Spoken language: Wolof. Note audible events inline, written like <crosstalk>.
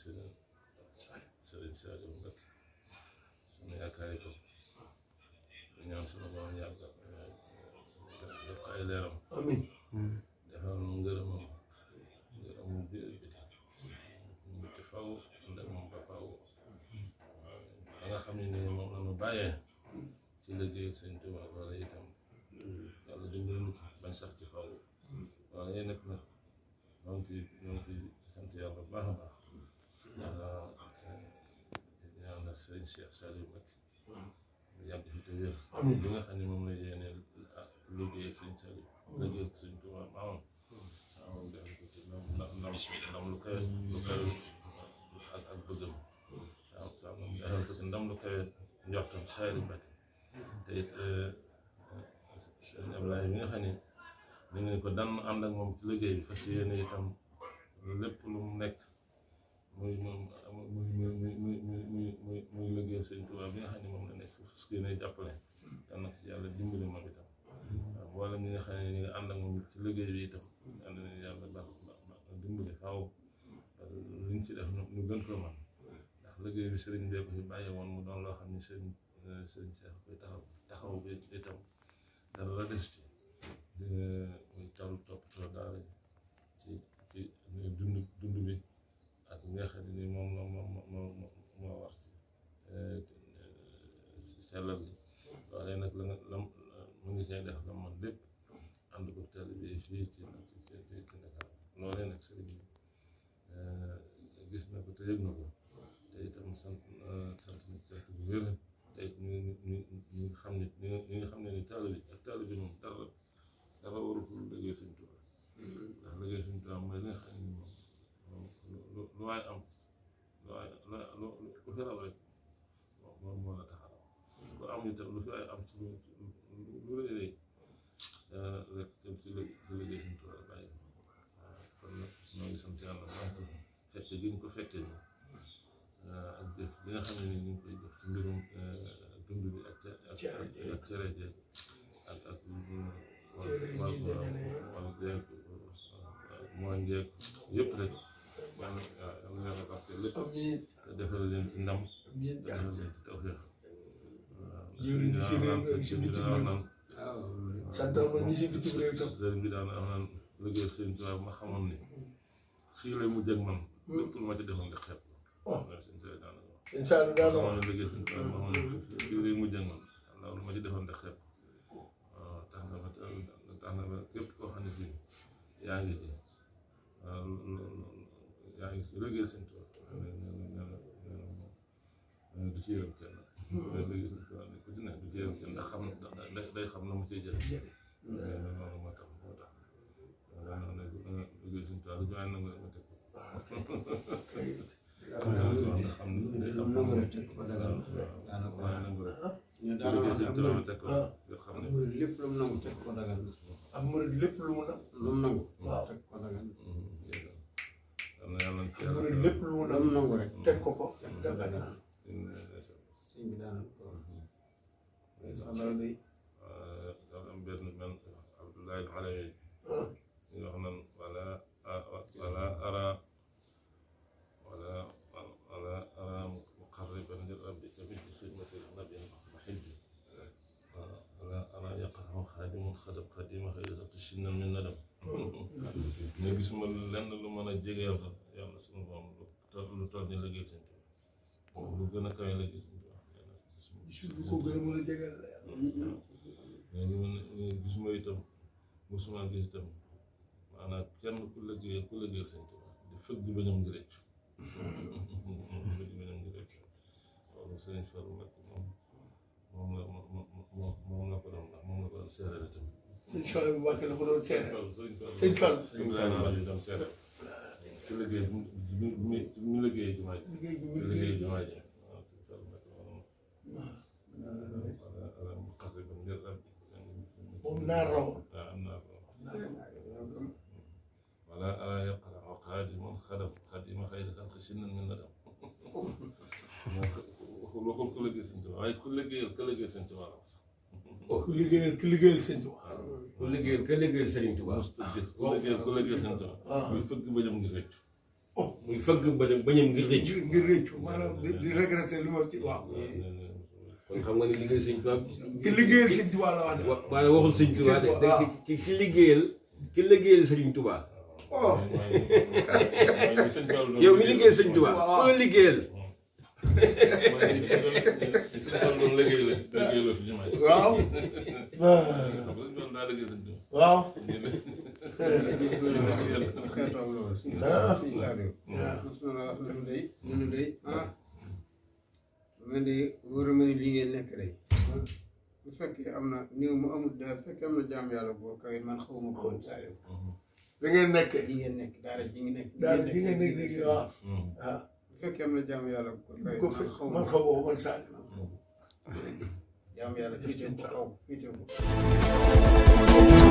seen sëriñ Saaliw Mbakke sunu yaakaari ko di ñaan sunu borom yàlla yokk ay leeram defal nu ngërëmam ngërëmu biir biti biti faw ndax moom ba faw ba nga xam ne ni moom la nu bàyyee ci liggéey sëñ Tuuba wala itam yàlla dimbali nu bañ sax ci faw wala yéen nag nag ñoo ngi fi ñoo ngi fi sant yàlla bu baax a baax Serigne si Saliou Mbacké mu yàgg fi te wér nga xam ne moom la yéene liggéey ak Serigne Saliou liggéey ak Serigne Touba maamam lu kawe lu kawe ak ak bëggam waaw saa lu kawe njortam ci Saliou Mbacké te it euh, Serigne Abdoulaye mi nga xam ne ko daan ànd ak moom ci liggéey bi fas yéene itam lépp lu muy muy muy muy muy muy muy liggéey sëñ Tuubaa bi nga xam ne moom la nekk foofu su ne jàppale yal na ko ci yàlla dimbali moom itam waaw mboolem ñi nga xam ne ñu ngi ànd ak moom ci liggéey bi itam yal na leen yàlla daal dimbali faaw luñ ci def ñu gën ko man ndax liggéey bi sëriñ bee ko fi bàyyi woon mu doon loo xam ne sëriñ sëriñ Seex koy taxaw taxaw bi itam dara la des eh, ci muy taw toppatoo daal ci ci dund dund bi ak li nga xam ne moom moom moom moo wax ci sellal gi loolee nag la nga lam mu ngi see def la man lépp ànd ko teel bi fii ci ci ci Ndakaaru loolee nag sëriñ bi gis na ko te yëg na ko te itam sant sant na sant bu wér te it ñu ñu ñu xam ne ñu nga xam ne ni taalibe ak taalibe moom waay am lu waay la lu ku fi raw rek moom moo la tax a raw ku amuñu tam lu fi waay am ci lu lu rëy rëy rek ci ci liggéey suñu tubaab bàyyi kon nag ñoo ngi sant yàlla sant fette gi ñu ko fette ni ak jëf li nga xam ne ni ñu ngi koy jëf ci mbirum dund bi ak ak cere jeeg ak ak wàllu wàllu jeeg mooy jeeg yëpp rek yàlla na yàlla barkeel lépp te defal leen ci ndam te defal leen ci tawfeex jëriñ si réew ak si bitim réew naan santal ma ñi si bitim réew tam sëriñ bi daan am naan liggéey sëriñ Tuubaa ma xamoon ni xii lay mujj ak man lépp lu ma ci defoon nga xeeb sëriñ Tuubaa daan incha allah daal ma xamoon ne liggéey sëriñ Tuubaa ma xamoon ne xii lay mujj ak man waaw lu ma ci defoon nga xeeb waaw tax na ba tax na ba képp koo xam ne si yaa ngi ci waaw yaa ngi ci liggéey sëñ Tuubaa du ci yërëm kenn liggéey sëñ Tuubaa ne ku ci nekk du ci yërëm kenn ndax xam day xam na mu ciy jël noonu moo tax moo tax liggéey sëñ Tuubaa du joxe nangu rek ma teg ko nga xam day xam na mu teg ko waaye nangu rek ci liggéey sëñ Tuubaa ma teg ko nga ah. xam ne lépp lu mu nangu teg ko lum nangu rek teg ko ko dagg naan sëñ bi daan ko loolu dafa am benn man Abdoulaye Alawi ñu wax nan wala wala ara wala wala ara muqarriban li rabbi tabit xidmati nabi mahibbi wala ara yaqrahu xaadimun xadab xadima xëysa tishinna min nadam ne gisuma lenn lu mën a jegeel yàlla sunu borom toog lu toog di liggéey seen lu gën a kawe liggéey seen tubaab ko gën a mën mm-hmm. musuma gis itam maanaam kenn ku liggéey ku liggéey seen di fëgg bañam ngi rëcc <laughs> fëgg bañam ngi rëcc loolu ci liggéey bi mi mi liggéey jumaa ji liggéey jumaa ji قم نارا ولا أرى يقرع قادم خدم قديم خير خلق سنا من ندم وكل كل جيل سنتوا أي كل جيل كل جيل سنتوا كل جيل كل جيل سنتوا ku liggéeyal ka liggéeyal Serigne Touba. ku liggéeyal ku liggéeyal Serigne Touba. Ah. muy fëgg bëjëm ngir rëccu. Oh. muy fëgg bëjëm bëjëm ngir rëccu. ngir rëccu maanaam di regretter li ma ci waaw. Ah, kon xam nga ni liggéeyal Serigne Touba. ki liggéeyal Serigne Touba la wax de. wa maanaam waxul Serigne Touba de ki ki liggéeyal ki liggéeyal Serigne Touba. Oh. <laughs> yow mi liggéeyal Serigne Touba ku la liggéeyal. waaw. <laughs> هذا قصده واو man de wóor ma ne lii ngeen nekk day bu fekkee am na néew mu amul daal bu fekkee am na jaam yàlla boo kawe man xaw ma ko saare li ngeen nekk li ngeen nekk daara ji ngeen nekk daara ji ngeen nekk léegi waaw bu fekkee am na jaam yàlla boo kawe man xaw ma ko man saare y a n yàlla def leen ci k a h